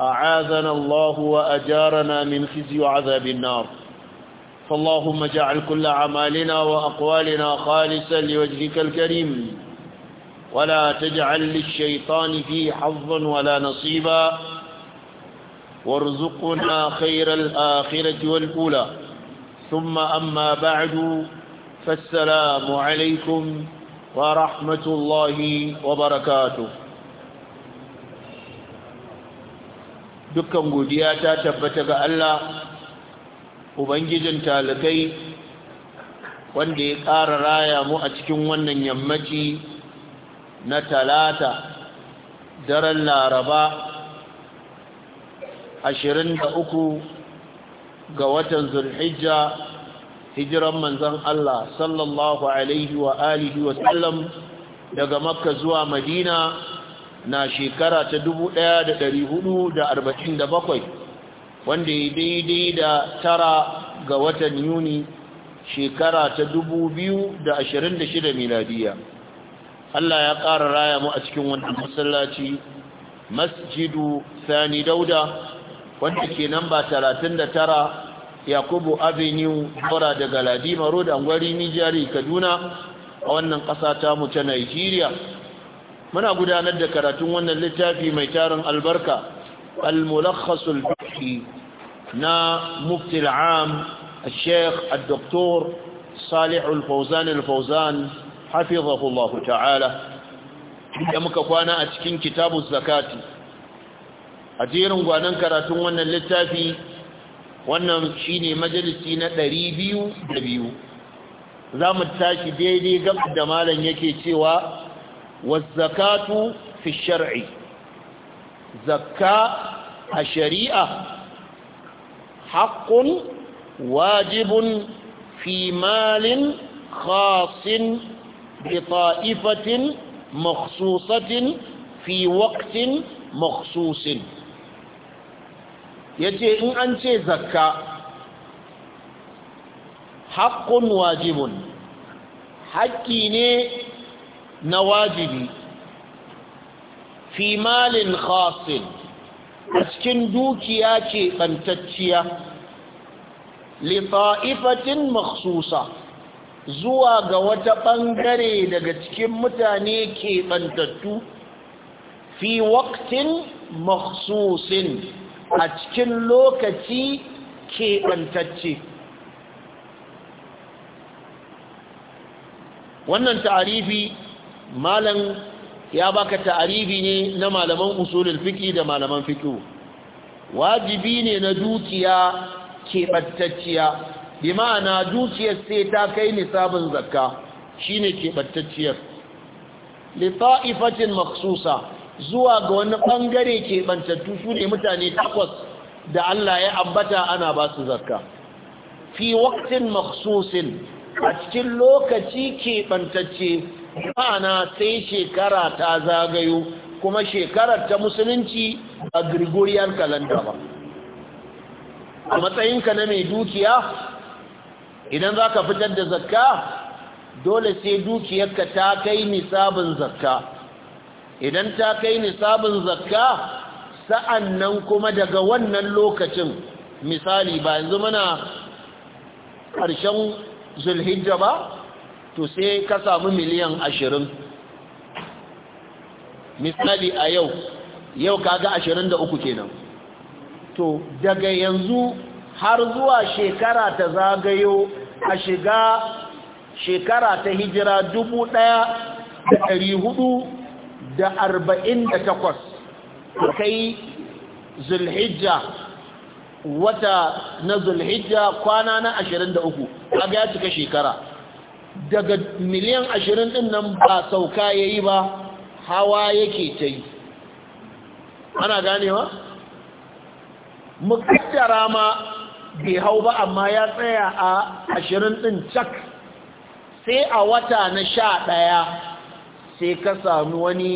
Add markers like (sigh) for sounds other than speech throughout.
أعاذنا الله وأجارنا من خزي وعذاب النار فاللهم جعل كل عمالنا وأقوالنا خالصا لوجهك الكريم ولا تجعل للشيطان فيه حظا ولا نصيبا وارزقنا خير الآخرة والأولى ثم أما بعد فالسلام عليكم ورحمة الله وبركاته dukkan godiya ta tabbata ga Allah ubangijin talakai wanda ya ƙara raya mu a cikin wannan yammaci na talata daren laraba 23 ga watan zulhijja hijiran manzan Allah sallallahu alaihi wa alihi wa sallam daga makka zuwa madina na shekara ta ɗaya da da da ɗari arba'in bakwai, wanda ya daidai da tara ga watan yuni shekara ta da ashirin 2026 miladiya Allah ya ƙara raya mu a cikin wannan masallaci masjidu sani dauda wanda ke namba 39 yakubu avenue bora daga Ladimaru da angwari nijari kaduna a wannan ƙasa mu ta nigeria muna gudanar da karatun wannan littafi mai tarin albarka al-mulakhasul fiqhi na mufti al-am al-sheikh al-doktor salih al-fawzan al-fawzan hafizahullah ta'ala da muka kwana a cikin kitabu zakati a jerin gwanan karatun wannan littafi wannan shine majalisi na biyu. za mu tashi daidai gab da malam yake cewa والزكاة في الشرع زكاة الشريعة حق واجب في مال خاص بطائفة مخصوصة في وقت مخصوص yace in an ce zakka haƙƙun wajibun haƙƙi na wajibi fi malin khasin a cikin dukiya ce ɓantacciya lita'ifatin maksusa zuwa ga wata ɓangare daga cikin mutane ke ɓantattu fi waktin maksusin a cikin lokaci ke ɓantacce wannan ta'arifi malam ya baka ta'aribi ne na malaman usulul fiqi da malaman fiqh wajibi ne na dukiya battacciya bi ma'ana dukiyar sai ta kai nisabin zakka shine keɓantacciyar li ta'ifatin makhsusa zuwa ga wani bangare keɓantattu su ne mutane takwas da Allah ya ambata ana ba su zakka fi waqtin makhsusin a cikin lokaci ke bantacce. ma'ana sai shekara ta zagayo kuma shekarar ta musulunci a Gregorian calendar ba a matsayinka na mai dukiya idan za ka fitar da zakka dole sai dukiyarka ta kai nisabin zakka idan ta kai nisabin zakka sa'an nan kuma daga wannan lokacin misali ba yanzu mana ƙarshen zulhijja ba to sai ka samu miliyan ashirin misali a yau yau kaga ashirin da uku kenan to daga yanzu har zuwa shekara ta zagayo a shiga shekara ta hijira dubu ɗaya da ɗari hudu da arba'in da takwas kai zulhijja wata na zulhijja kwana na ashirin da uku kaga ya cika shekara daga miliyan ashirin ɗin nan ba sauka ya yi ba hawa yake ta yi ana ganewa? makasara ma bai hau ba amma ya tsaya a ashirin ɗin cak sai a wata na sha ɗaya sai ka sami wani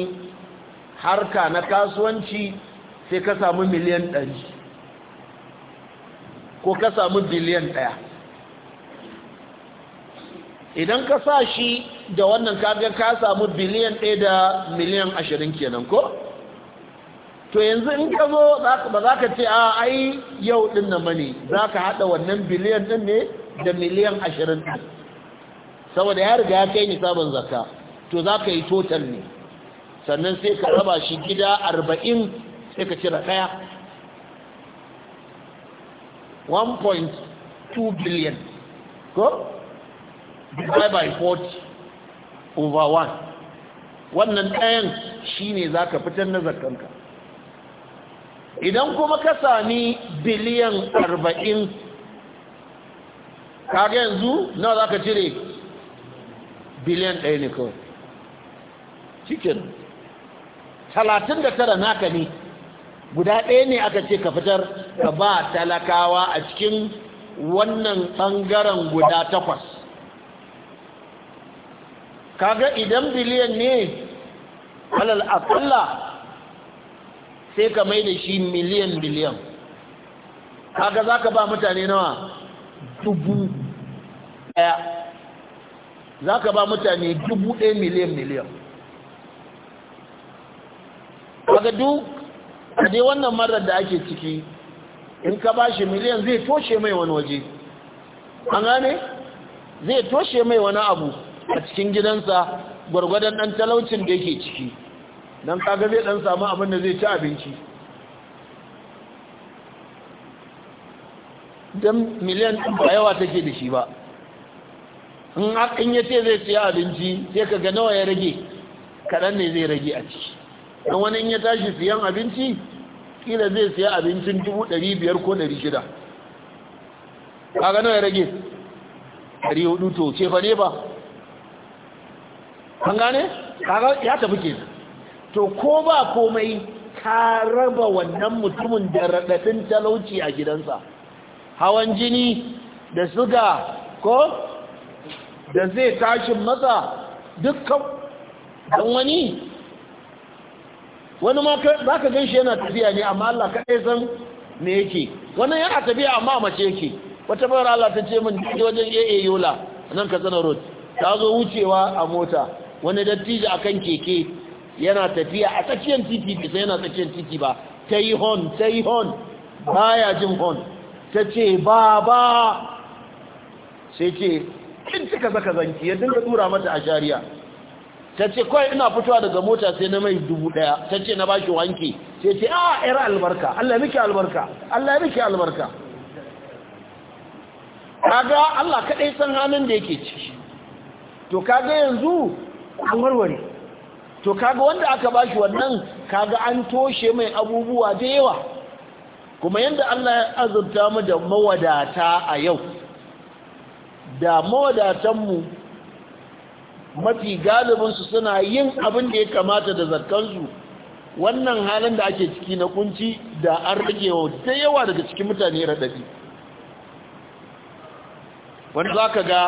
harka na kasuwanci sai ka sami miliyan ɗari ko ka sami biliyan ɗaya idan ka sa shi da wannan kaga ka samu biliyan ɗaya da miliyan ashirin kenan ko to yanzu in ka zo ba za ka ce a ah, ai yau ɗin na mani za ka haɗa wannan biliyan ɗin ne da miliyan ashirin ɗin saboda ya riga ya kai sabon zaka to za ka yi total ne sannan sai ka raba shi gida arba'in sai ka cire ɗaya 1.2 biliyan ko divide by 40 over 1 wannan ɗayan shine za ka fitar na zarkanka idan kuma ka sami biliyan 40 kaga yanzu nawa za ka cire biliyan 1 ne kawai cikin 39 naka ne guda ɗaya ne aka ce ka fitar ka ba talakawa a cikin wannan ɓangaren guda takwas kaga idan biliyan ne alal akalla sai ka mai da shi miliyan biliyan kaga za ka ba mutane nawa dubu daya za ka ba mutane dubu daya miliyan miliyan kaga duk a dai wannan marar da ake ciki in ka ba shi miliyan zai toshe mai wani waje an gane zai toshe mai wani abu a cikin gidansa gwargwadon ɗan talaucin da yake ciki don kaga zai ɗan samu abin da zai ci abinci don miliyan ba yawa take da shi ba in haƙin ya ce zai siya abinci sai ka ga nawa ya rage kaɗan ne zai rage a ciki don wani ya tashi siyan abinci kila zai siya abincin dubu ɗari biyar ko ɗari shida kaga nawa ya rage ɗari hudu to ce fa ne ba Kan gane kaga ya tafi ke to ko ba komai ka raba wannan mutumin da radadin talauci a gidansa hawan jini da suga ko da zai tashin masa dukkan dan wani wani ma ba ka gan yana tafiya ne amma Allah kaɗai san me yake wannan yana tafiya amma mace yake wata bayar Allah ta ce min wajen AA Yola nan Katsina Road ta zo wucewa a mota wani dattijo akan keke yana tafiya a tsakiyar titi bisa yana tsakiyar titi ba ta yi hon ta yi hon ya jin hon ta ce ba ba sai ce in cika zaka zanki ya dinga tura mata a shari'a ta ce kawai ina fitowa daga mota sai na mai dubu daya ta ce na bashi wanke sai ce a ah, ira albarka allah miki albarka allah miki albarka kaga allah kaɗai san hannun da yake ci to kaga yanzu an warware to kaga wanda aka bashi wannan kaga an toshe mai abubuwa da yawa kuma yadda Allah ya azurta mu da mawadata a yau da mawadatan mu mafi galibinsu suna yin abin da ya kamata da zarkansu wannan halin da ake ciki na kunci da an rage wa da yawa daga cikin mutane raɗaɗi wani za ka ga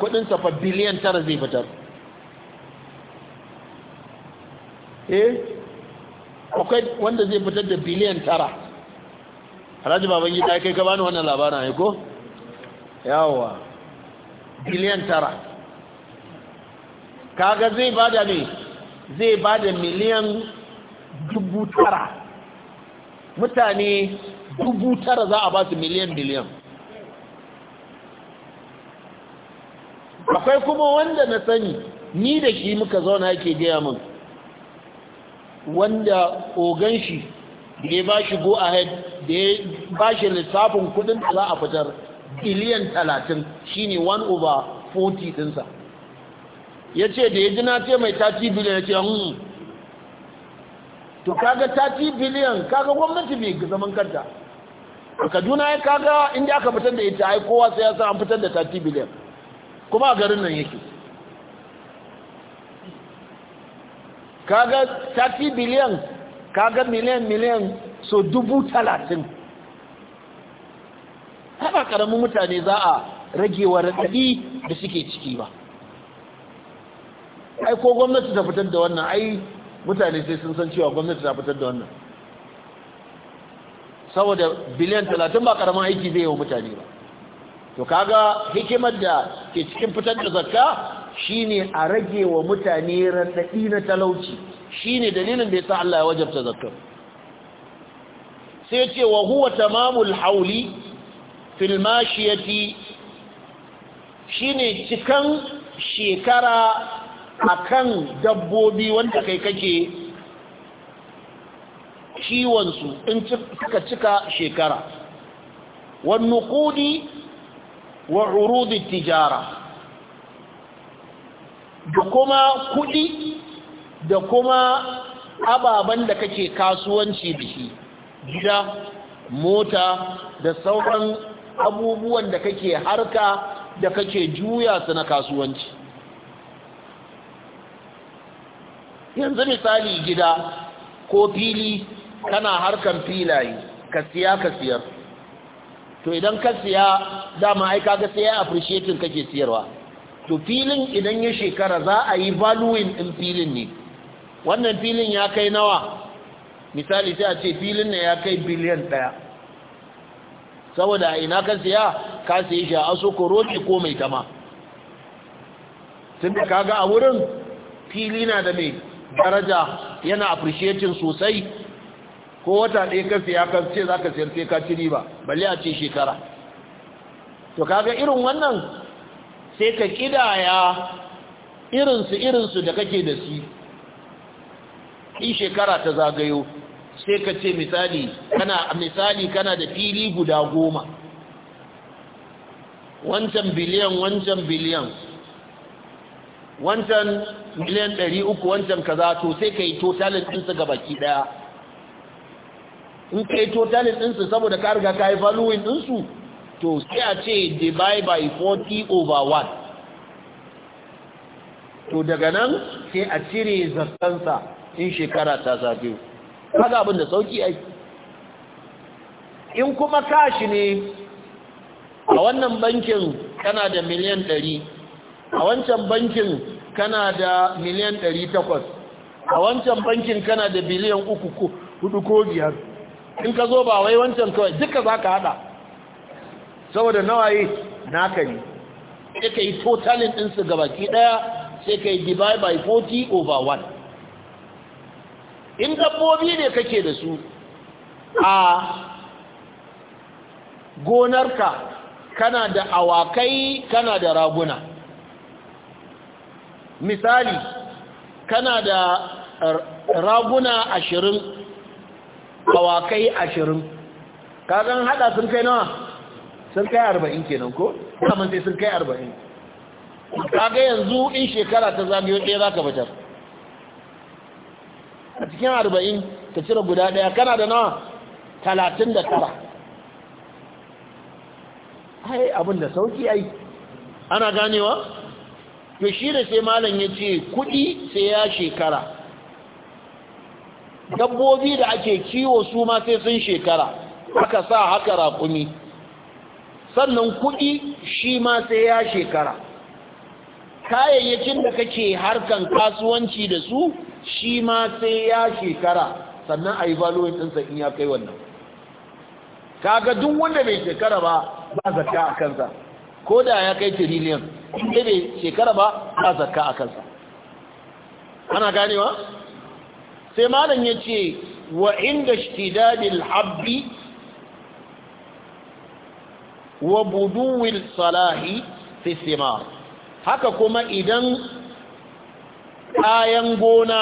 kuɗin safa biliyan tara zai fitar eh akwai wanda zai fitar da biliyan tara haraji baban gida kai ka bani wannan labarin ne ko yawa biliyan tara kaga zai bada ne zai bada miliyan dubu tara mutane dubu tara za a ba su miliyan biliyan akwai kuma wanda na sani ni da shi muka zauna yake gaya min wanda ogan shi da ya ba shi go ahead da ya ba shi lissafin kudin da za a fitar biliyan talatin Shi ne 1 over 40 dinsa ya ce da ya ji na ce mai 30 biliyan ya ce hmm to kaga 30 biliyan kaga gwamnati mai zaman kanta kaduna ya kaga inda aka fitar da ita ai kowa sai ya san an fitar da 30 biliyan kuma a garin nan yake kaga tafi biliyan kaga miliyan miliyan so dubu talatin haka karamin mutane za a rage wa raɗaɗi da suke ciki ba ai ko gwamnati ta fitar da wannan ai mutane sai sun san cewa gwamnati ta fitar da wannan saboda biliyan talatin ba karamin aiki zai yi wa mutane ba to kaga hikimar da ke cikin fitar da zakka shine a rage wa mutane radadi na talauci shine dalilin da yasa Allah ya wajabta zakka sai ce wa huwa tamamul hauli fil mashiyati shine cikan shekara akan dabbobi wanda kai kake kiwon su in cika cika shekara wan nuqudi wa urudi tijara da kuma kuɗi da kuma ababen da kake kasuwanci da shi gida mota da sauran abubuwan da kake harka da kake juya su na kasuwanci yanzu misali gida ko fili kana harkan filaye ka siya ka siyar to idan ka siya dama ai kaga sai appreciating kake siyarwa to filin idan ya shekara za a yi valuwin ɗin filin ne wannan filin ya kai nawa misali sai a ce filin na ya kai biliyan ɗaya saboda a ina ka siya ka siya shi a aso ko ko mai tama sun da kaga a wurin fili na da mai daraja yana appreciating sosai ko wata ɗaya ka siya ka ce za ka siyar sai ka ciri ba, balle a ce shekara to kaga irin wannan sai ka kidaya irinsu irinsu da kake da su in shekara ta zagayo sai ka ce misali kana misali kana da fili guda goma wancan biliyan wancan biliyan wancan miliyan ɗari uku wancan kaza to sai ka yi totalin ɗinsu ga baki ɗaya in ka yi totalin ɗinsu saboda ka riga ka yi valuwin ɗinsu to sai a ce divide by 40 over 1 to daga nan sai a cire zartansa in shekara ta zafi kaga abin da sauki aiki in kuma kashi ne a wannan bankin kana da miliyan 100 a wancan bankin kana da miliyan 800 a wancan bankin kana da biliyan 3 ko 4 ko 5 in ka zo ba wai wancan kawai duka za ka hada saboda nawaye naka ne sai ka yi totalin ɗinsu baki ɗaya sai ka yi divide by 40 over 1 in dabbobi ne kake da su a gonarka kana da awakai kana da raguna misali kana da raguna ashirin awakai ashirin kazan hada sun kai nawa sun kai arba'in kenan ko daman sai sun kai arba'in kaga yanzu in shekara ta zagayo ɗaya za ka bajar a cikin arba'in ka cire guda ɗaya kana da nawa talatin da tara ai abin da sauki ai ana ganewa to shi da sai malam ya ce kuɗi sai ya shekara dabbobi da ake kiwo su ma sai sun shekara aka sa haka raƙumi sannan kuɗi shi ma sai ya shekara kayayyakin da kake harkan kasuwanci da su shi ma sai ya shekara sannan a yi valuwin ɗinsa in ya kai wannan kaga duk wanda bai shekara ba ba zaka a kansa ko da ya kai tiriliyan inda bai shekara ba ba zaka a kansa ana ganewa sai malam ya ce wa inda shi shtidadil habbi wa buduwil salahi fi simar haka kuma idan kayan gona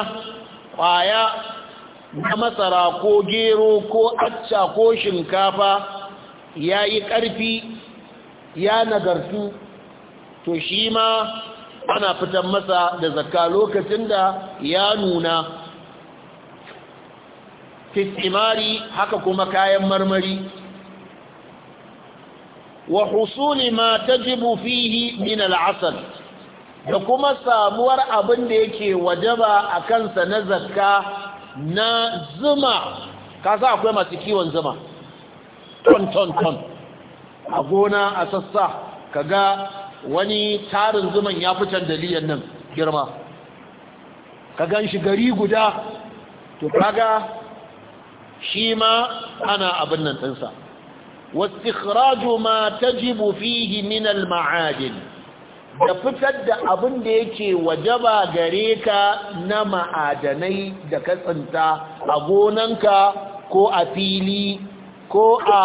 kwaya na masara ko gero ko acca ko shinkafa ya yi ƙarfi ya nagartu to shi ma ana fitan masa da zakka lokacin da ya nuna fisimari haka kuma kayan marmari وحصول ما تجب فيه من العسل da kuma samuwar abin da yake wajaba a kansa na zakka na zuma kasa akwai masu kiwon zuma ton ton ton a gona a sassa kaga wani tarin zuman ya fi candaliyan nan girma ka gan shi gari guda to kaga shi ma ana abin nan ɗinsa واستخراج ما تجب فيه من المعادن da fitar da abin da yake wajaba gare ka na ma'adanai da ka tsinta a gonanka ko a fili ko a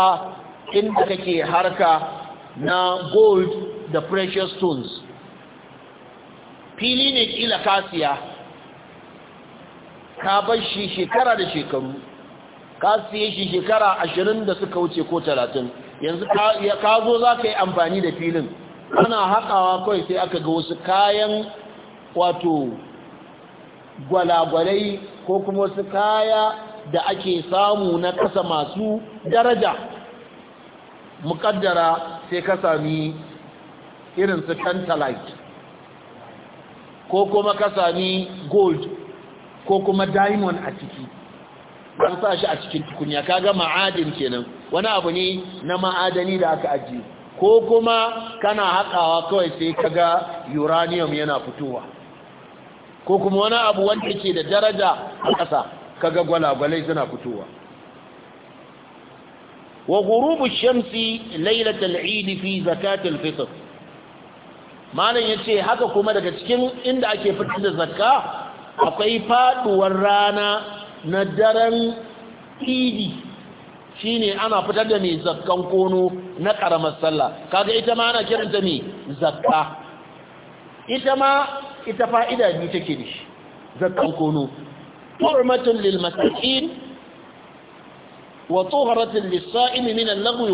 inda kake harka na gold da precious stones fili ne kila kasiya ka bar shi shekara da shekaru ka siye shi shekara ashirin da suka wuce ko talatin yanzu ka zo za ka yi amfani da filin ana haƙawa kawai sai aka ga wasu kayan wato gwalagwalai ko kuma wasu kaya da ake samu na ƙasa masu daraja muƙaddara sai ka sami irin su tantalite ko kuma ka sami gold ko kuma diamond a ciki an sa shi a cikin tukunya ka kaga ma'adin kenan wani abu ne na ma'adani da aka ajiye ko kuma kana haƙawa kawai sai kaga uranium yana fitowa ko kuma wani abu wanda ke da daraja a ƙasa kaga gwalagwalai suna fitowa wa ghurubu shamsi lailatul eid fi zakatul fitr malam yace haka kuma daga cikin inda ake fitar da zakka akwai faduwar rana na daren idi shine ana fitar da mai zakkan kono na ƙaramar sallah kaga ita ma ana kiranta mai zakka ita ma ita fa'ida biyu take da shi zakkan kono tu'matun lil wa tuharatun lis sa'imi min al-lagwi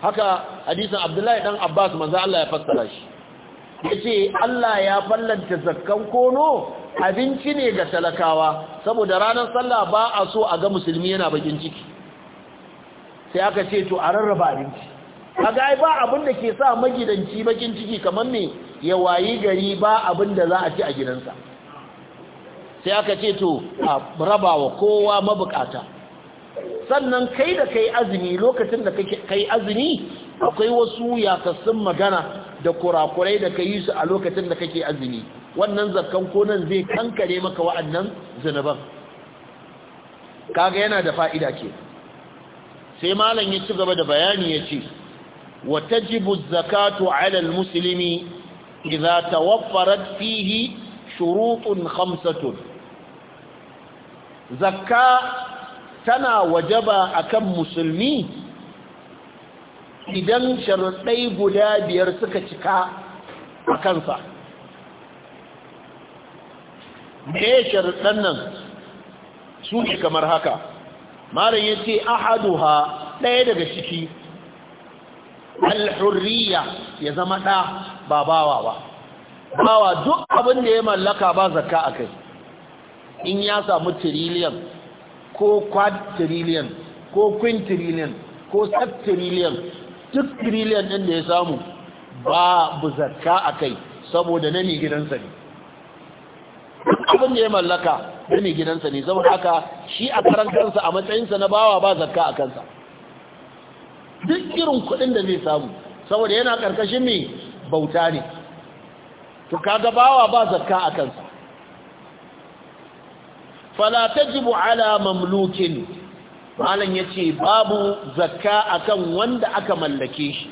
haka hadisin Abdullahi dan Abbas maza Allah ya fassara shi ce Allah ya fallanta zakkan kono abinci ne ga talakawa saboda ranar sallah ba a so a ga musulmi yana bakin ciki sai aka ce to a rarraba abinci a ai ba abin da ke sa magidanci bakin ciki kamar me ya wayi gari ba abin da za a ci a gidansa sai aka ce to a rabawa kowa mabukata sannan kai da kai azumi lokacin da kai azumi akwai wasu yakassun magana da kurakurai da kai su a lokacin da kake azumi wannan zakkan konan zai kankare maka wa'annan zunuban kaga yana da fa'ida ce sai malam ya ci gaba da bayani ya ce wa tajibu zakatu ala almuslimi idza tawaffarat fihi shurutun khamsatun zakka tana wajaba akan musulmi idan sharuɗai guda biyar suka cika a kansa me sharɗan nan su ne kamar haka malam ya ce ha ɗaya daga ciki alhurriya ya zama ɗa ba bawa ba bawa duk abin da ya mallaka ba zakka a kai in ya samu tiriliyan ko kwad tiriliyan ko kwin tiriliyan ko tiriliyan duk tiriliyan ɗin da ya samu ba bu zakka a kai saboda na gidansa ne abin da ya mallaka da mai gidansa ne zama haka shi a karan kansa a matsayinsa na bawa ba zakka a kansa duk irin kuɗin da zai samu saboda yana ƙarƙashin mai bauta ne to kaga bawa ba zakka a kansa fala tajibu ala mamlukin malam yace babu zakka akan wanda aka mallake shi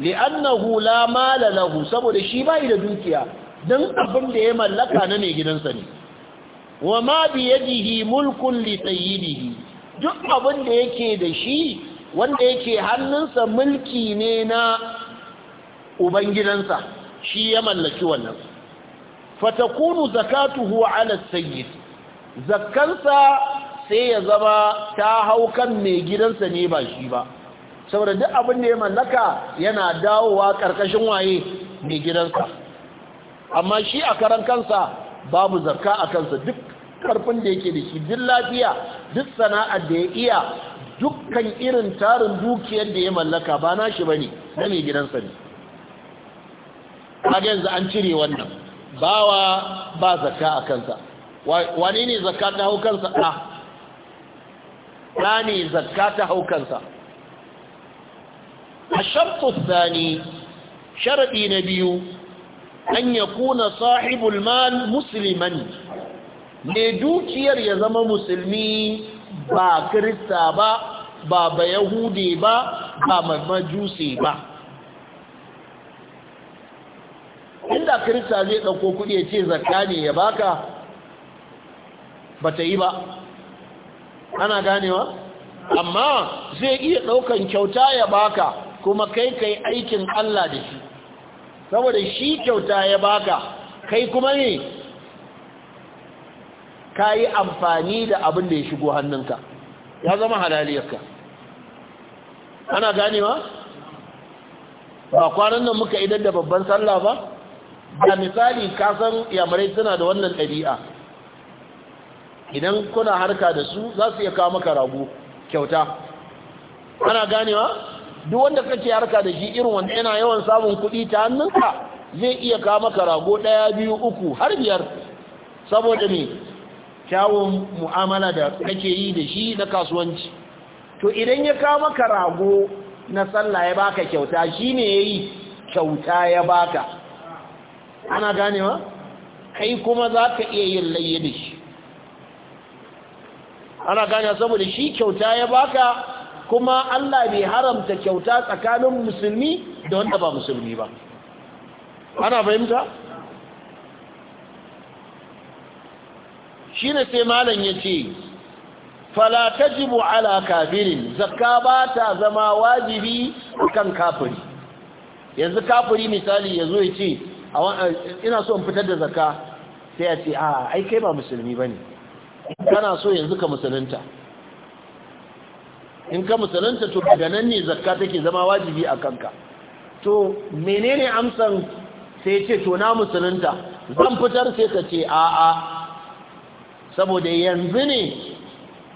li'annahu la mala lahu saboda shi bai da dukiya don abin da ya mallaka na mai gidansa ne wa ma bi yadihi mulkun li sayyidihi duk abin da yake da shi wanda yake hannunsa mulki ne na ubangidansa shi ya mallaki wannan fatakunu zakatuhu ala sayyid zakkansa sai ya zama ta hau kan mai gidansa ne ba shi ba saboda duk abin da ya mallaka yana dawowa ƙarƙashin waye mai gidansa amma shi a karan kansa babu zarka a kansa duk karfin da yake da shi duk lafiya duk sana'ar da ya iya dukkan irin tarin dukiyar da ya mallaka ba na shi ne, na mai gidansa ne kaga yanzu an cire wannan bawa ba zarka a kansa wani ne zarka ta hau kansa ɗa ne zarka ta hau kansa a shartus sani sharaɗi na biyu an ya kuna sahibul mal musulman ne dukiyar ya zama musulmi ba kirista ba ba ba yahude ba ba majusi ba inda kirista zai ɗauko kuɗi ya ce zakka ne ya baka ba ta yi ba ana ganewa amma zai iya ɗaukan kyauta ya baka kuma kai kai aikin Allah da shi saboda shi kyauta ya baka kai kuma ne ka yi amfani da abin da ya shigo hannunka ya zama halaliyarka ana ma. ba kwanan nan muka idan da babban sallah ba da misali kasan yamurai suna da wannan ɗabi'a idan kuna harka da su za su iya kawo maka rago kyauta ana ganewa duk wanda kake harka da shi irin wanda yana yawan samun kuɗi ta hannunka zai iya ka maka rago ɗaya biyu uku har biyar saboda ne kyawun mu'amala da kake yi da shi na kasuwanci to idan ya ka maka rago na sallah ya baka kyauta shi ne ya yi kyauta ya baka ana ganewa kai kuma za ka iya yin layye da shi ana gane saboda shi kyauta ya baka kuma Allah bai haramta kyauta tsakanin musulmi da wanda ba musulmi ba ana fahimta shine sai malam yace fala tajibu ala kafirin zakka ba ta zama wajibi kan kafiri yanzu kafiri misali yazo yace ina so in fitar da zakka sai ya ce a ai kai ba musulmi bane kana so yanzu ka musulunta in ka musulunta to daga nan ne zakka take zama wajibi a kanka to menene amsan sai ce to na musulunta zan fitar sai ka ce a'a saboda yanzu ne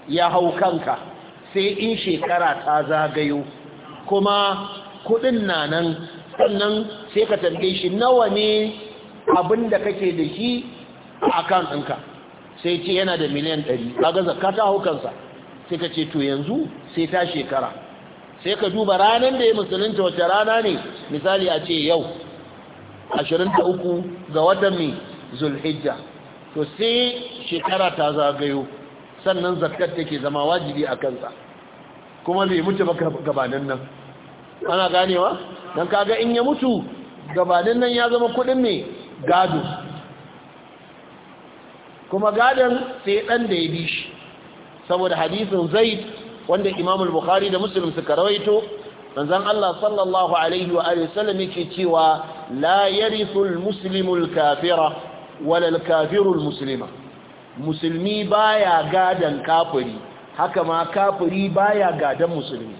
ya hau kanka sai in shekara ta zagayo kuma kudin na nan sannan sai ka tambaye shi nawa ne abin da kake da shi a kan ɗinka sai ce yana da miliyan ɗari ga zakka ta hau kansa sai ka ce to yanzu sai ta shekara sai ka duba ranar da ya musulunta wace rana ne misali a ce yau 23 ga watan mai zulhijja to sai shekara ta zagayo sannan zakat take zama wajibi a kansa kuma zai mutu ba gabanin nan ana ganewa don kaga in ya mutu gabanin nan ya zama kudin mai gado kuma gadon sai dan da ya bi shi saboda hadisin zaid wanda imamul bukhari da muslim suka rawaito manzon Allah sallallahu alaihi wa alihi sallam yake cewa la yarithu al kafira wala al-kafiru al musulmi baya gadan kafiri haka ma kafiri baya gadan musulmi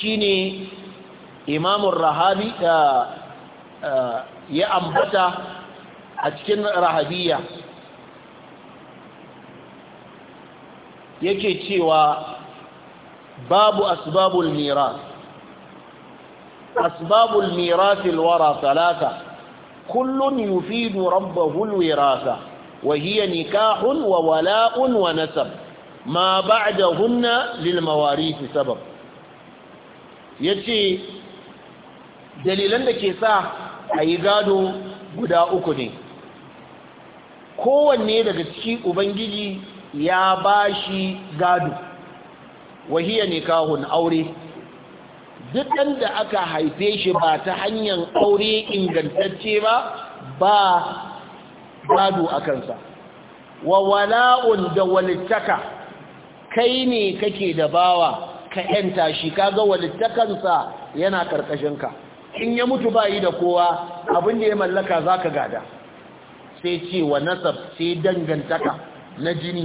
shine imam ar-rahabi eh, eh, ya ambata a cikin rahabiyya yake cewa babu asbabul miras asbabul miras alwara talata kullun yufidu rabbahu alwirasa wa hiya nikahun wa wala'un wa nasab ma ba'dahunna lilmawarith sabab yace dalilan da ke sa ayi gado guda uku ne kowanne daga ciki ubangiji ya ba shi gado wahiya nikahun aure duk da aka haife shi ba ta hanyar aure ingantacce ba ba gado a kansa wa wala'un da walittaka kai ne kake da bawa ka yanta shi kaga walittakansa yana karkashinka in ya mutu ba yi da kowa abin da ya mallaka za ka gada sai ce wa nasab sai dangantaka na jini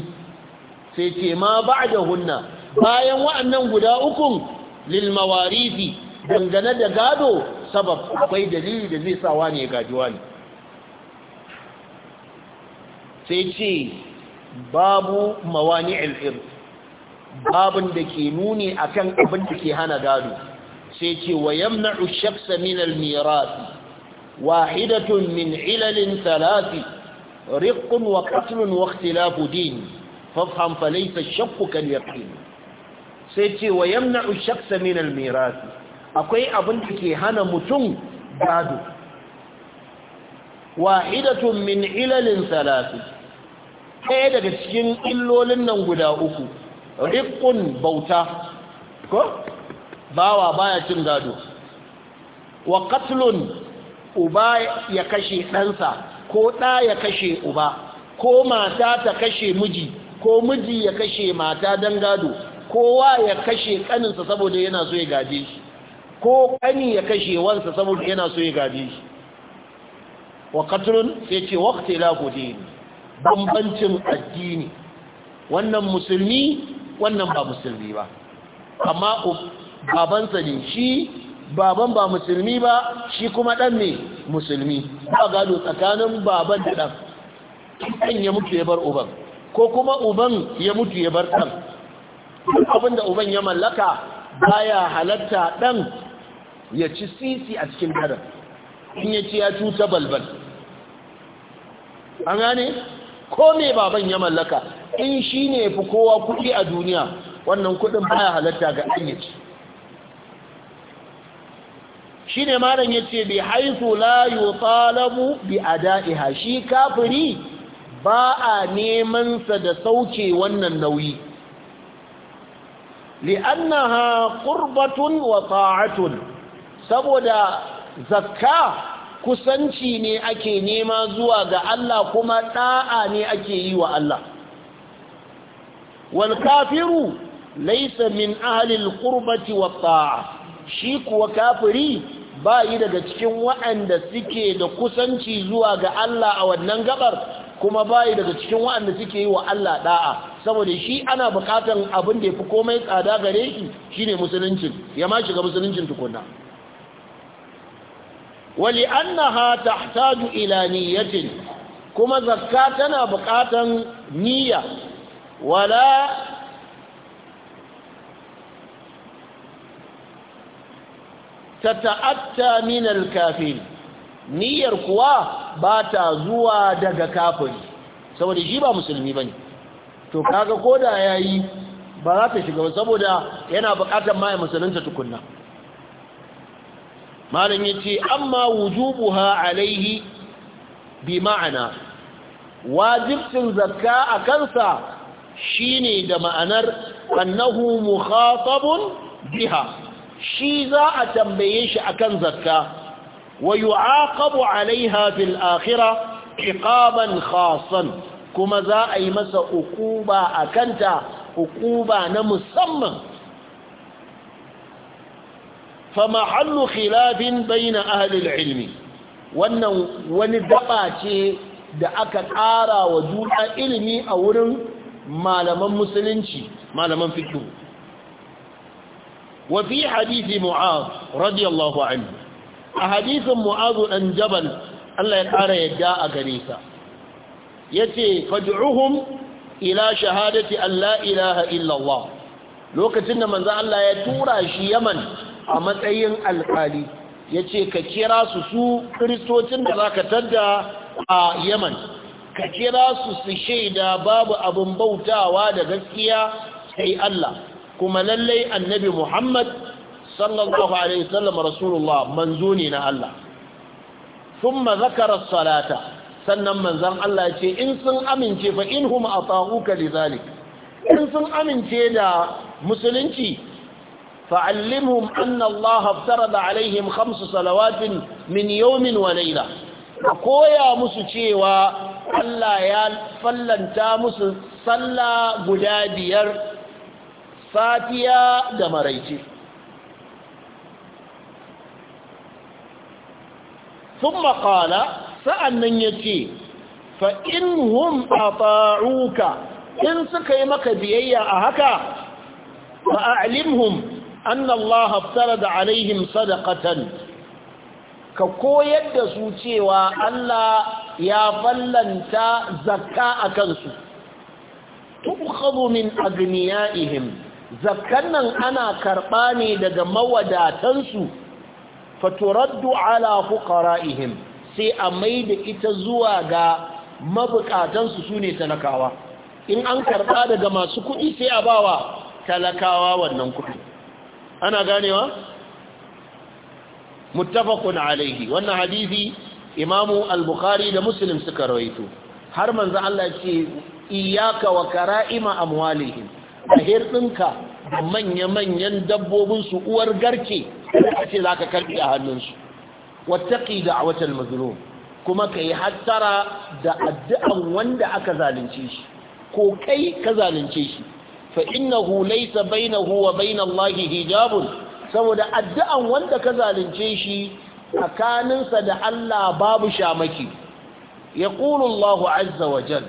sai ce ma hunna bayan wa'annan guda ukun lil dangane da gado sabab akwai dalili da zai sawa ne gajuwa ne sai ce babu mawani al'ir babin da ke nuni akan abin da ke hana gado sai ce wa yamna'u shaksa min al-mirasi wahidatun min ilalin talati riqqun wa qatlun wa ikhtilafu dini fafham fa laysa shakku kal yaqin sai ce wa yamna'u shakhsa min al miras akwai abin da ke hana mutum gado wahidatun min ilalin salatu ɗaya daga cikin illolin nan guda uku riƙun bauta ko bawa baya cin gado wa qatlun uba ya kashe ɗansa ko ɗa ya kashe uba ko mata ta kashe miji ko miji ya kashe mata don gado kowa ya kashe kaninsa saboda yana so ya gaje shi ko kani ya kashe wansa saboda yana so ya gaje shi wa katrun sai ce waqti la ne? bambancin addini wannan musulmi wannan ba musulmi ba amma babansa ne shi baban ba musulmi ba shi kuma dan ne musulmi ba gado tsakanin baban da dan ɗan ya mutu ya bar uban ko kuma uban ya mutu ya bar ɗan abinda uban ya mallaka baya halatta ɗan ya ci sisi a cikin daren in ya ci ya cuta balbal an gane ko me baban ya mallaka in shi ne fi kowa kuɗi a duniya wannan kuɗin baya halatta ga ɗan ya ci shi ne malam ya ce bi haifu la yi bi ada'iha shi kafiri ba a sa da sauke wannan nauyi li'annaha qurbatun wa ta'atun saboda zakka kusanci ne ake nema zuwa ga Allah kuma da'a ne ake yi wa Allah wal kafiru laysa min ahli al qurbati wa ta'a shi kuwa kafiri ba yi daga cikin waɗanda suke da kusanci zuwa ga Allah a wannan gabar kuma bayi daga cikin waɗanda suke yi wa Allah da'a saboda shi ana bukatan abin da yafi komai tsada gare shi shine musuluncin ya ma shiga musuluncin tukunna wali annaha tahtaju ila niyyatin kuma zakka tana bukatan niyya wala tata'atta min al-kafir niyyar kuwa ba ta zuwa daga kafiri saboda shi ba musulmi bane to kaga ko koda yayi ba za ta shiga saboda yana bukatar ma musulunta tukunna malam yace amma wujubuha alaihi bi ma'ana wajibcin zakka a kansa shi ne da ma'anar annahu mukhatabun biha shi za a tambaye shi akan zakka ويعاقب عليها في الآخرة عقابا خاصا كما ذا أي مسا أقوبة أكنت أقوبة musamman فمحل خلاف بين أهل العلم wannan wani daba ce da aka ƙara wa juna ilimi a wurin malaman musulunci malaman fikihu wa fi hadisi mu'az radiyallahu anhu a hadisin mu'azu dan jabal Allah ya ƙara yadda a gare sa yace faj'uhum ila shahadati Allah la ilaha illa lokacin da manzan Allah ya tura shi Yaman a matsayin alƙali yace ka kira su su kristocin da zaka tadda a Yaman ka kira su su shaida babu abin bautawa da gaskiya sai Allah kuma lallai annabi Muhammad sallallahu alaihi wasallam rasulullah manzo ne na Allah thumma zakara salata sannan manzon Allah ya ce in sun amince fa inhum ata'uka lidhalik in sun amince da musulunci fa'allimhum anna Allah aftarada alaihim khamsu salawatin min yawmin wa layla koya musu cewa Allah ya fallanta musu sallah guda biyar safiya da maraice sun makala sa'annan ya ce fa'in hun a fa'uka in suka yi maka biyayya a haka fa'alimhum an Allah haftara da alaihim sadakatan ka koyar da su cewa Allah ya fallanta zakka a kansu tukhadu min agniyaihim zakkan nan ana karɓa ne daga mawadatansu faturaddu ala fuqara'ihim sai a maida ita zuwa ga mabukatansu sune talakawa in an karba daga masu kuɗi sai a bawa talakawa wannan kuɗi ana ganewa muttafaqun alaihi wannan hadisi imamu al-bukhari da muslim suka rawaito har manzo Allah ce iyyaka wa kara'ima amwalihim ahir dinka manya-manyan dabbobin su uwar garke ka ce za ka karbi a hannunsu wattaki da a watan mazlum kuma ka yi hattara da addu'an wanda aka zalunce shi ko kai ka zalunce shi fa innahu laysa huwa wa bain Allah hijabun saboda addu'an wanda ka zalunce shi tsakaninsa da Allah babu shamaki yaqulu Allah azza wajen.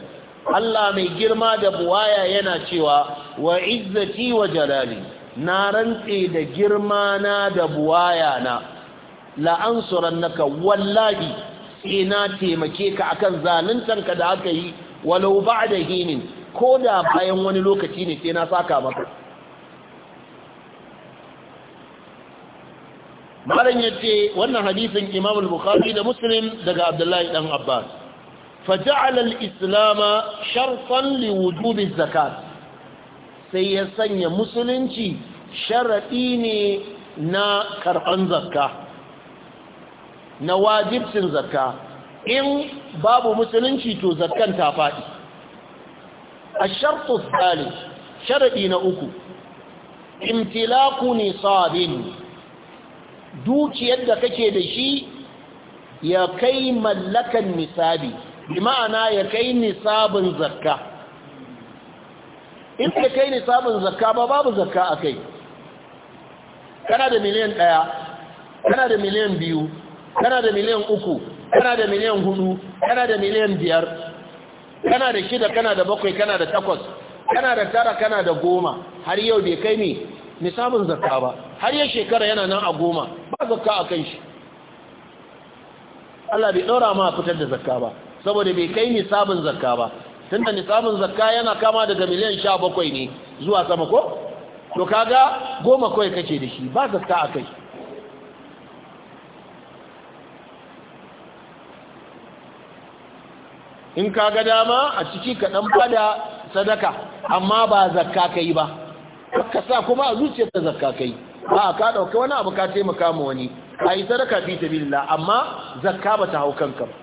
Allah mai girma da buwaya yana cewa wa izzati wa jalali na rantse da girma na da buwaya na la'ansuran naka wallahi na taimake ka akan zaluntanka da aka yi walau ba da hinin ko da bayan wani lokaci ne sai na saka maka malam ya ce wannan hadisin imam al-bukhari da muslim daga abdullahi dan abbas islama sharfan sharfan liwujubi Zakat. sai ya sanya musulunci sharaɗi ne na karɓan zakka na wajibcin zakka in babu musulunci to zakkan ta faɗi a shartu tsali sharaɗi na uku imtilaku ne sabin dukiyar da kake da shi ya kai mallakan nisabi bi ma'ana ya kai nisabin zakka in ka kai ne samun zakka ba babu zakka a kai kana da miliyan ɗaya kana da miliyan biyu kana da miliyan uku kana da miliyan hudu kana da miliyan biyar kana da shida kana da bakwai kana da takwas kana da tara kana da goma har yau bai kai ne samun zakka ba har yau shekara yana nan a goma ba zakka a kan shi Allah bai ɗora ma fitar da zakka ba saboda bai kai sabon zakka ba tunda nisabin zakka yana kama daga miliyan sha bakwai ne zuwa sama ko to kaga goma kai kake da shi ba zakka akai. in kaga dama a ciki ka dan bada sadaka amma ba zakka kai ba ka sa kuma a zuciya ta zakka kai ba ka dauka wani abu ka taimaka ma wani yi sadaka fi billah amma zakka ba ta hau kanka ba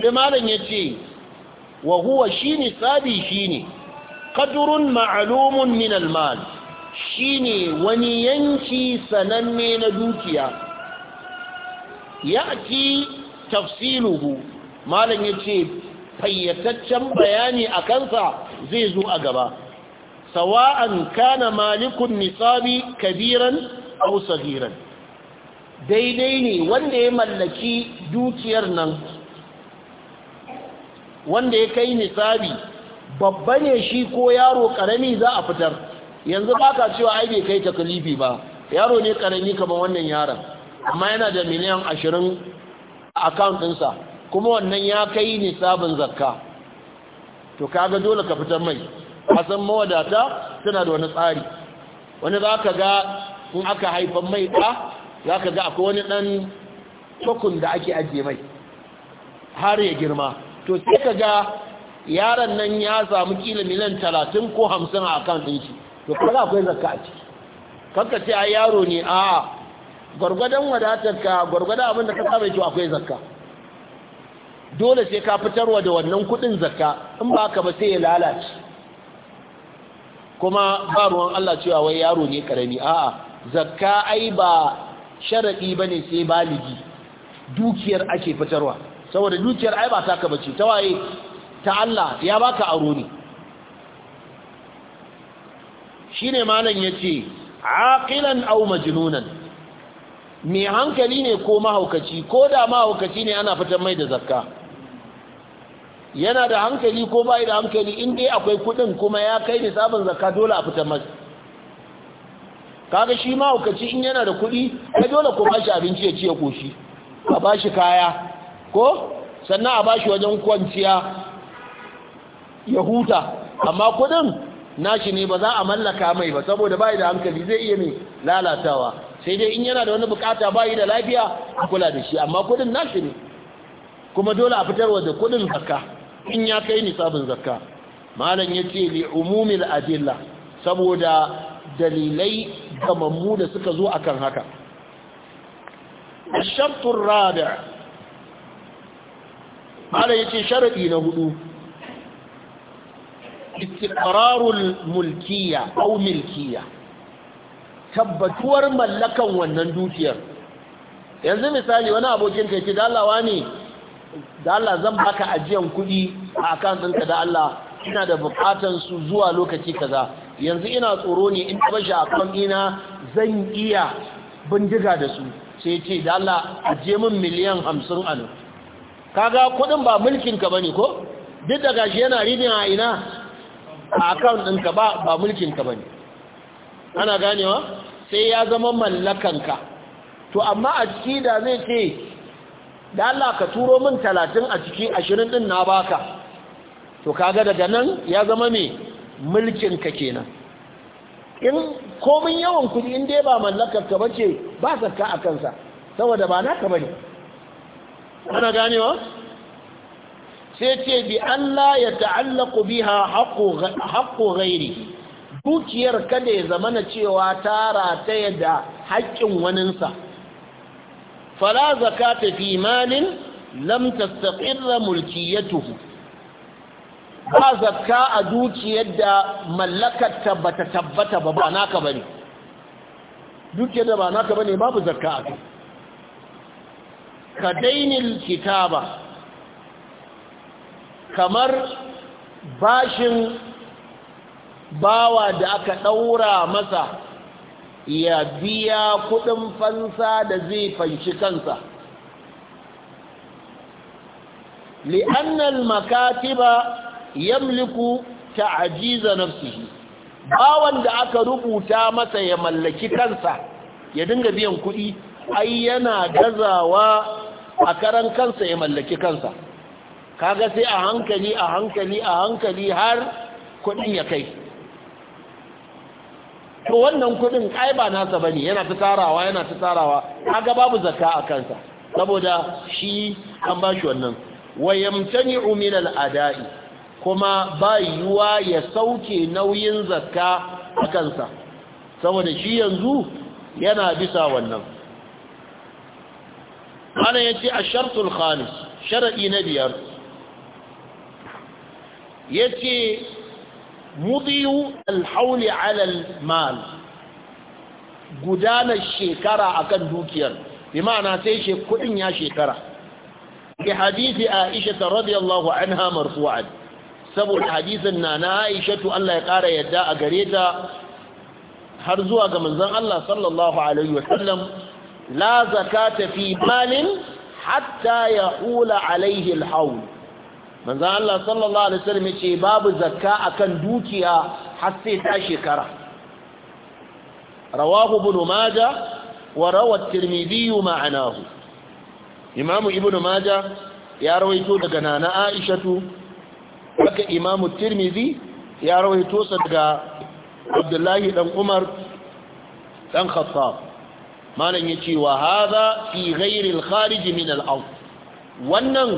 sai malam ya ce wa huwa shi nisabi shi ne ƙadurun ma'alumun minalmal almal shi ne wani yanki sananne na dukiya ya ci tafsiluhu malam ya ce fayyataccen bayani a kansa zai zo a gaba sawa'an kana malikun nisabi kabiran au sagiran daidai ne wanda ya mallaki dukiyar nan wanda ya kai nisabi babba ne shi ko yaro karami za a fitar yanzu ba ka cewa ai bai kai takalifi ba yaro ne karami kamar wannan yaron amma yana da miliyan ashirin a account ɗinsa kuma wannan ya kai nisabin zakka to kaga dole ka fitar mai kasan mawadata suna da wani tsari wani za ka ga in aka haifan mai ɗa za ka ga akwai wani ɗan tukun da ake ajiye mai har ya girma to sai ka ga yaron nan ya samu kila miliyan talatin ko hamsin a akan to kuma to akwai zakka a ciki kanka ce a yaro ne a gwargwadon wadatarka gwargwadon abin ka saba yi akwai zakka dole sai ka fitarwa da wannan kuɗin zakka in ba ka ba sai ya lalace kuma ba ruwan Allah cewa wai yaro ne karami a'a zakka ai ba sharadi bane sai baligi dukiyar ake fitarwa saboda dukiyar ai ba taka bace ta waye ta Allah ya baka aro ne shine malam yace aqilan aw majnunan me hankali ne ko mahaukaci ko da mahaukaci ne ana fitar mai da zakka yana da hankali ko bai da hankali in dai akwai kudin kuma ya kai nisabin zakka dole a fitar masa kaga shi mahaukaci in yana da kudi ai dole ko bashi abinci ya ci ya koshi a bashi kaya ko sannan a bashi wajen kwanciya ya huta amma kudin nashi ne ba za a mallaka mai ba saboda bai da hankali zai iya mai lalatawa sai dai in yana da wani bukata bai da lafiya a kula da shi amma kudin nashi ne kuma dole a fitar wa da kudin zakka in ya kai nisabin zakka malam yace li umumil adilla saboda dalilai gamammu da suka zo akan haka الشرط الرابع mala ce sharaɗi na hudu istiqrarul mulkiya au milkiya tabbatuwar mallakan wannan dukiyar yanzu misali wani abokin kai ce da Allah wani da Allah zan baka ajiyan kuɗi a akan ɗinka da Allah ina da bukatan su zuwa lokaci kaza yanzu ina tsoro ne in bashi akan ina zan iya bindiga da su sai ce da Allah aje min miliyan hamsin a nan kaga kudin ba mulkinka bane ko duk da gashi yana ribin a ina a account ɗinka ba ba mulkinka bane ana ganewa sai ya zama mallakanka to amma a ciki da zai ce da Allah ka turo min 30 a ciki 20 din na baka to kaga daga nan ya zama me mulkinka kenan in komin yawan kudi in dai ba mallakarka bace ba zakka a kansa saboda ba na ka bane ana ganewa sai ce bi Allah ya ta'allaku biha haƙo ghairi dukiyar kada ya zama na cewa tara ta yadda haƙƙin waninsa fala zakata fi malin lam tastaqirra mulkiyatuhu ba zakka a dukiyar da mallakarta bata tabbata ba ba naka bane dukiyar da ba naka bane babu zakka a kai ka dainil kitaba kamar bashin bawa da aka ɗaura masa ya biya kuɗin fansa da zai fanshi kansa li'annal makatiba yamliku ta'ajiza nafsihi bawan da aka rubuta masa ya mallaki kansa ya dinga biyan kuɗi ai yana gazawa a karan kansa ya mallaki kansa kaga sai a hankali a hankali a hankali har kudin ya kai to wannan kudin ai ba nasa bane yana ta tsarawa yana ta kaga babu zakka a kansa saboda shi an bashi wannan wayamtani'u min al-ada'i kuma ba ya sauke nauyin zakka a kansa saboda shi yanzu yana bisa wannan ana ya ce a shartul khalis sharaɗi na biyar ya ce mudiyu alhauli alal mal gudanar shekara akan dukiyar bi ma'ana sai kudin ya shekara ke hadisi aisha ta radiyallahu anha marfu'an saboda hadisin na na aisha to Allah ya kara yadda a gare ta har zuwa ga manzon Allah sallallahu alaihi sallam. la zakata fi malin hatta ya hula alaihi alhaul manzan Allah sallallahu alaihi wasallam ya ce babu zakka akan dukiya har sai ta shekara rawahu ibn maja wa rawa at-tirmidhi ma'anahu imam ibn maja ya rawaito daga nana Aisha aishatu haka imam at-tirmidhi ya rawaito sa daga abdullahi dan umar dan khattab malam yace wa haza fi ghairi al-kharij min wannan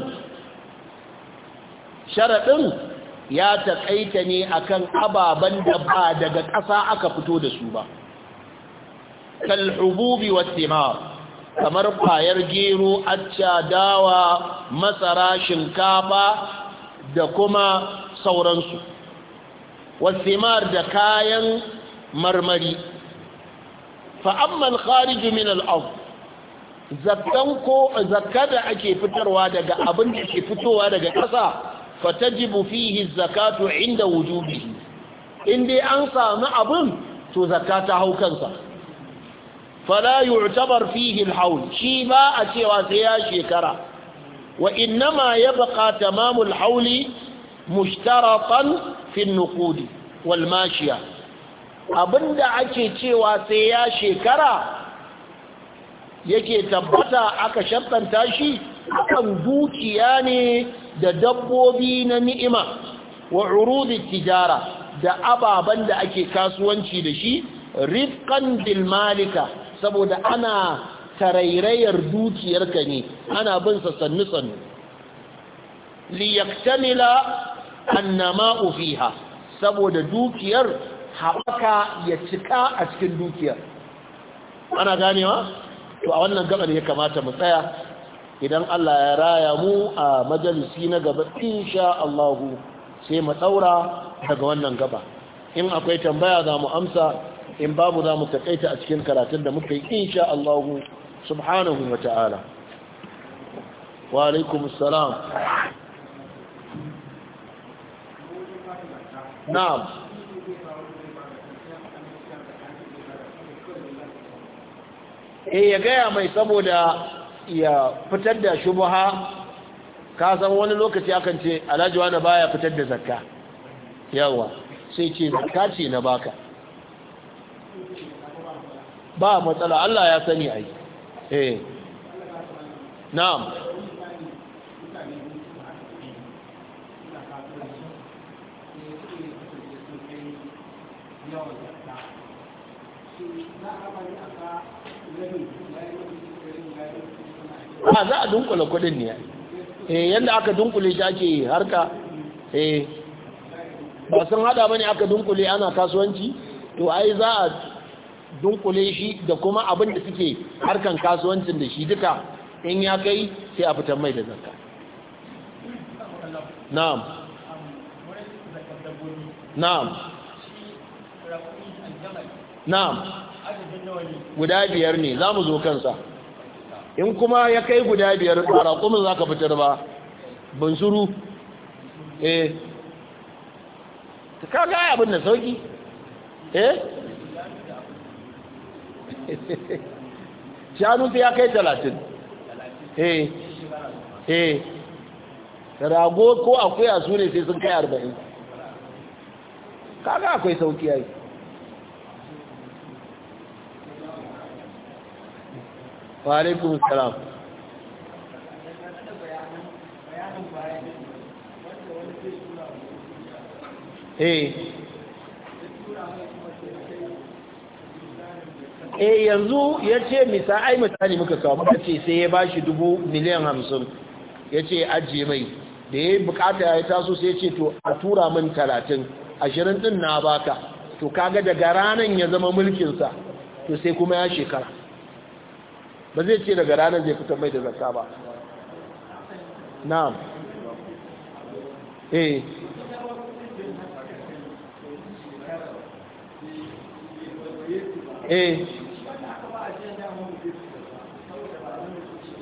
sharaɗin ya taƙaita ne akan ababan da ba daga ƙasa aka fito da su ba kal hububi wat kamar ƙwayar gero acca dawa masara shinkafa da kuma sauransu wasimar da kayan marmari fa'amman khariju min al'ab zakkan ko zakka da ake fitarwa daga abin da ke fitowa daga ƙasa fatajibu fihi zakatu inda wujubi in dai an samu abin to zakka ta hau kansa fala yu'tabar fihi haul shi ba a cewa sai ya shekara wa innama yabqa tamamul hauli mushtarafan fi an-nuqud abinda ake cewa sai ya shekara yake tabbata aka shaddanta shi akan dukiya ne da dabbobi na ni'ima wa urudi tijara da ababen da ake kasuwanci da shi rifkan dilmalika saboda ana tarairayar dukiyarka ne ana bin sa sannu sannu liyaktamila annama'u fiha saboda dukiyar haɓaka ya cika a cikin dukiyar ana ganewa to a wannan gabar ya kamata mu tsaya idan Allah ya raya mu a majalisi na gaba insha Allahu sai mu tsaura daga wannan gaba in akwai tambaya za mu amsa in babu za mu takaita a cikin karatun da muka yi insha Allahu subhanahu wa ta'ala wa alaikum assalam na'am eh ya gaya mai saboda ya fitar da shubuha ka san wani lokaci akan ce alhaji wani baya fitar da zakka yawa sai ce zakka ce na baka ba matsala Allah ya sani ai eh na'am a a ah, za a dunkula kudin ne eh Yadda aka dunkule shi ake harka eh ba sun hada bane aka dunkule ana kasuwanci to ai za a dunkule shi da kuma abin da suke harkan kasuwancin da shi duka in ya kai sai a fitar mai da zakka na'am na'am na'am guda biyar ne za mu zo kansa in kuma ya kai guda biyar tsara kuma za ka fitar ba shuru eh ka kaga abin da sauki eh (laughs) shanu ya kai talatin eh eh rago ko akwai su ne sai sun kai arba'in kaga akwai sauki yi Wa'alaikun salam. E, yanzu ya ce misa ai misali muka kawo muka ce sai ya bashi dubu miliyan hamsin ya ce ajiye mai da ya bukata ya taso sai ce to a tura min talatin ashirin ɗin na baka to kaga daga ranan ya zama mulkinsa to sai kuma ya shekara ba zai ce daga ranar zai fitar mai da zakka ba na'am eh eh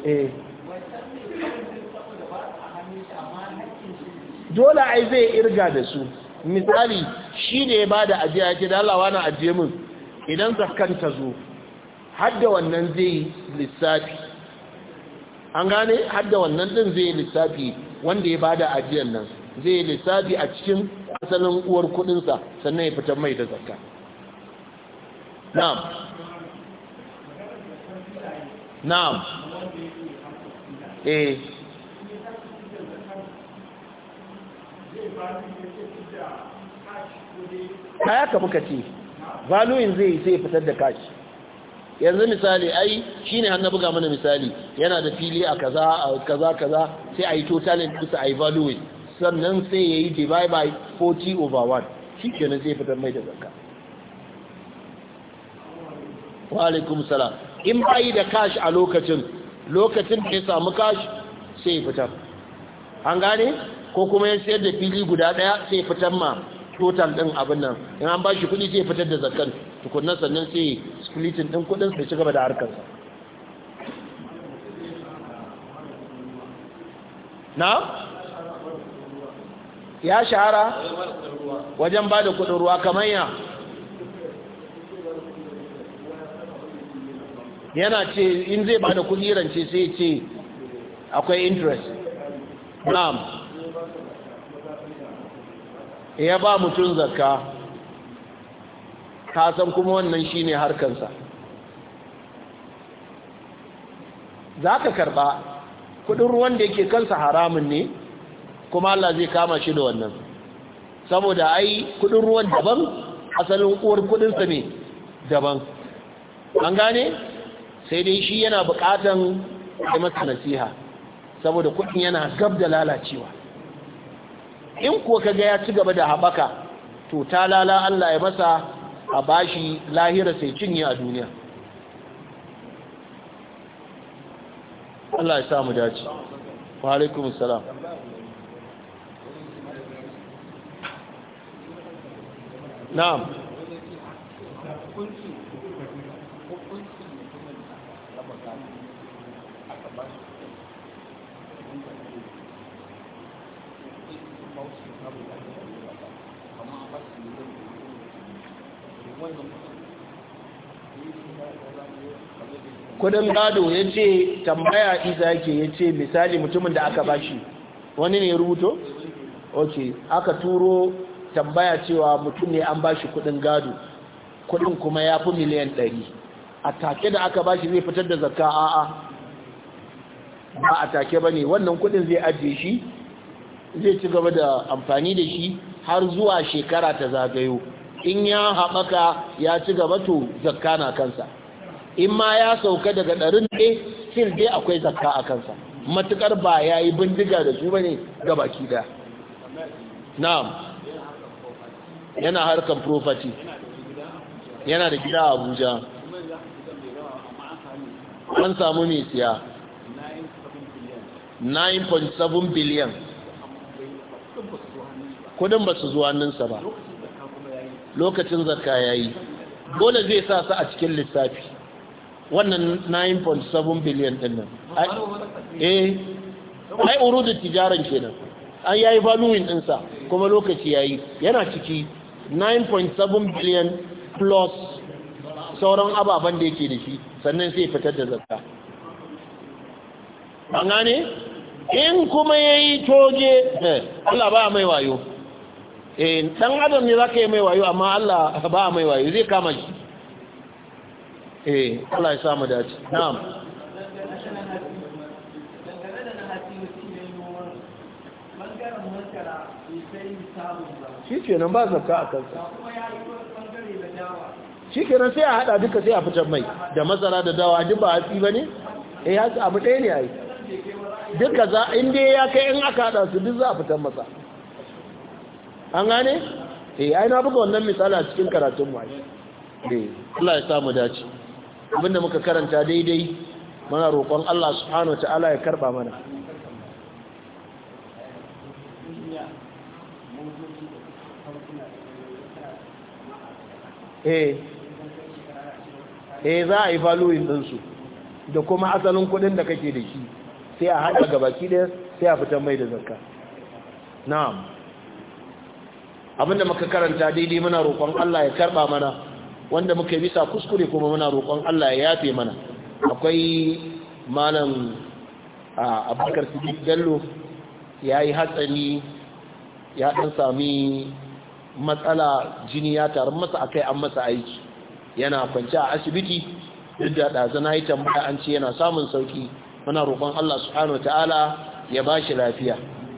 E. dole ai zai irga da su misali shi ne ya ba da ajiya ya da Allah na ajiye min idan zakkan ta zo hadda wannan zai lissafi an gane hadda wannan din zai lissafi wanda ya bada ajiyar nan zai lissafi a cikin asalin uwar kudinsa sannan ya fitar mai da zakka na'am na'am eh kaya ka muka ce valuin zai sai fitar da kashi yanzu misali ai shine har na buga mana misali yana da fili a kaza a kaza kaza sai ai total kusa ai value sannan sai yayi divide by 40 over 1 shikenan sai fitar mai da zakka wa alaikum salam in bai da cash a lokacin lokacin da ya samu cash sai ya fitar an gane ko kuma ya sayar da fili guda daya sai fitar ma total din abin nan in an ba shi kuɗi sai fitar da zakkan tukunan sannan sai splitin din kudin sai ci gaba da harkarsa na ya shahara wajen ba da kuɗin ruwa kamar ya yana ce in zai ba da kuɗi rance sai ce akwai interest na'am ya ba mutum zakka kasan kuma wannan shi ne harkansa za ka karba kudin ruwan da yake kansa haramun ne kuma Allah zai kama shi da wannan saboda ai kudin ruwan daban asalin uwar kudinsa ne daban an gane sai dai shi yana bukatan ya masa nasiha saboda kudin yana gab da lalacewa in kuwa kaga ya ci gaba da haɓaka to ta lala Allah ya masa a bashi lahira sai cinye a duniya Allah ya samu dace wa alaikum salam na'am da aka kudin gado ya ce tambaya izaki ya ce misali mutumin da aka bashi wani ne rubuto? ok aka turo tambaya cewa mutum ne an bashi kudin gado kudin kuma ya fi miliyan ɗari. a take da aka bashi zai fitar da zakka a ba a take ba ne wannan kudin zai ajiye shi zai ci gaba da amfani da shi har zuwa shekara ta zagayo in ya haɓaka ya ci gaba to zakka na kansa in ma ya sauka daga ɗarin ɗe fil dai akwai zakka a kansa matuƙar ba ya yi bindiga da su ba ne ga baki ɗaya na'am yana harkar profati, yana da gida a abuja an samu mai siya 9.7 biliyan kudin ba su zuwa sa ba lokacin ya yi, dole zai sa su a cikin lissafi wannan 9.7 billion din nan eh ai urudu tijaran kenan an yayi valuing din sa kuma lokaci yayi yana ciki 9.7 billion plus sauran ababen da yake da shi sannan sai fitar da zakka an gane in kuma yayi toje eh, Allah ba mai wayo eh dan adam ne zaka yi mai wayo amma Allah ba mai wayo zai kama shi eh Allah ya samu dace na'am shi nan ba zakka a kansa shi kenan sai a hada duka sai a fitar mai da masara da dawa duk ba hatsi ba ne eh hatsi abu ɗaya ne a yi duka za inda ya kai in aka hada su duk za a fitar masa an gane eh ai na buga wannan misali a cikin karatun mu eh Allah ya samu dace abinda muka karanta daidai muna roƙon Allah subhanahu wataala ya karba mana eh eh za a yi valuing ɗansu. da kuma asalin kudin da kake da shi sai a haɗa gabaki ɗaya sai a fitan mai da zakka na'am abinda muka karanta daidai muna roƙon Allah ya karɓa mana wanda muka yi bisa kuskure kuma muna roƙon Allah ya yafe mana akwai malam abubakar siddiq bello ya yi hatsari ya ɗan sami matsala jini ya taru masa akai an masa aiki yana kwanci a asibiti duk da ɗazana yi tambaya an ce yana samun sauki muna roƙon Allah subhanahu wa ta'ala ya ba shi lafiya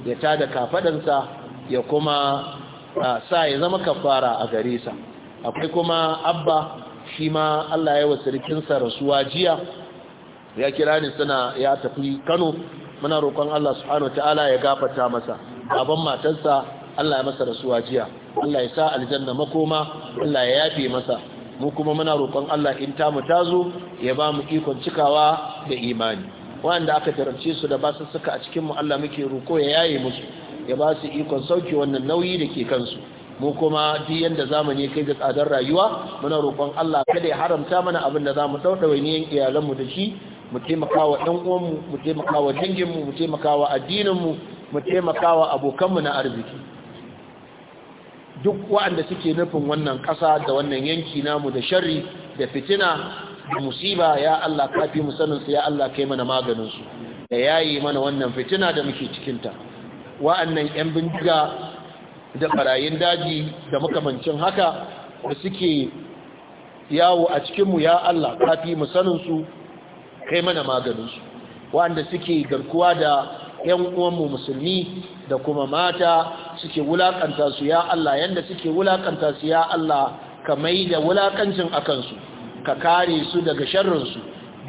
ya tada kafaɗansa ya kuma sa ya zama kafara a gare sa akwai kuma abba shi ma Allah ya wasirkinsa rasuwa jiya ya kira ni suna ya tafi Kano muna roƙon Allah subhanahu ta'ala ya gafata masa baban matarsa Allah ya masa rasuwa jiya Allah ya sa aljanna makoma Allah ya yafe masa mu kuma muna roƙon Allah in ta mu tazo ya ba mu ikon cikawa da imani wanda aka tarance su da suka a cikin mu Allah muke roko ya yaye musu ya ba su ikon sauke wannan nauyi da ke kansu mu kuma duk yanda zamani kai ga tsadar rayuwa muna roƙon Allah kada ya haramta mana abin da zamu daudawa niyan iyalan mu da shi mu taimaka wa dan uwan mu mu taimaka wa dangin mu mu taimaka wa addinin mu mu taimaka wa abokan na arziki duk waɗanda suke nufin wannan ƙasa da wannan yanki namu da sharri da fitina da musiba ya Allah kafi mu sanin su ya Allah kai mana maganin su da yayi mana wannan fitina da muke cikinta. wa'annan 'yan bindiga da barayin daji da makamancin haka da suke yawo a cikinmu ya Allah kafi musaninsu kai mana maganinsu wa'anda suke garkuwa da 'yan uwanmu musulmi da kuma mata suke wulakanta su ya Allah yadda suke wulakanta su ya Allah ka mai da wulakancin kansu, ka kare su daga sharrinsu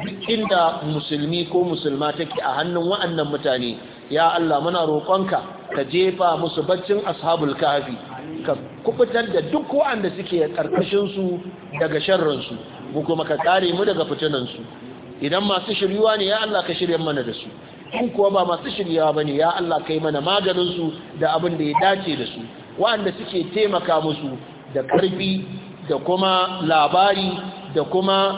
duk inda musulmi ko musulma take a hannun wa'annan mutane ya Allah muna roƙonka ka jefa musu baccin ashabul kahfi ka kubutar da duk waɗanda suke karkashin su daga sharrin su mu kuma ka kare mu daga fitinan su idan masu shiryuwa ne ya Allah ka shirya mana da su in kuwa ba masu shiryawa bane ya Allah kai mana maganin su da abin da ya dace da su waɗanda suke taimaka musu da karfi da kuma labari da kuma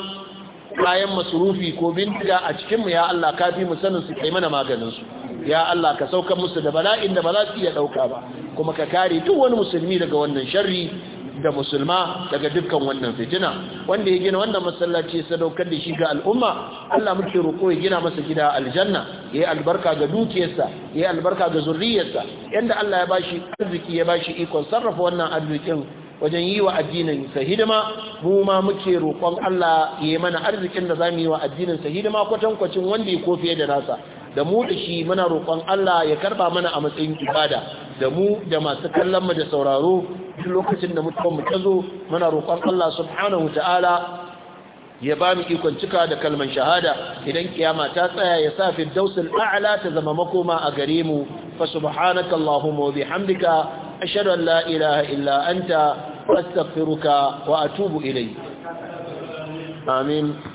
kayan masurufi ko bindiga a cikinmu ya Allah ka fi mu sanin su kai mana maganin su ya Allah ka sauka musu da bala'in da ba za su iya ɗauka ba kuma ka kare duk wani musulmi daga wannan sharri da musulma daga dukkan wannan fitina wanda ya gina wannan masallaci sadaukar da shi ga al'umma Allah muke roƙo ya gina masa gida aljanna ya yi albarka ga dukiyarsa ya yi albarka ga zurriyarsa yanda Allah ya bashi arziki ya bashi ikon sarrafa wannan arzikin wajen yi wa addinin sa hidima mu ma muke roƙon Allah ya yi mana arzikin da zamu yi wa addinin sa hidima kwatankwacin wanda ya fiye da nasa da mu da shi muna roƙon Allah ya karba mana a matsayin ibada da mu da masu kallon mu da sauraro duk lokacin da mutum mu ta zo muna roƙon Allah subhanahu ta'ala ya ba mu ikon cika da kalman shahada idan kiyama ta tsaya ya sa fi dausul a'la ta zama makoma a gare mu فسبحانك اللهم وبحمدك أشهد أن لا إله إلا أنت وأستغفرك وأتوب إليك آمين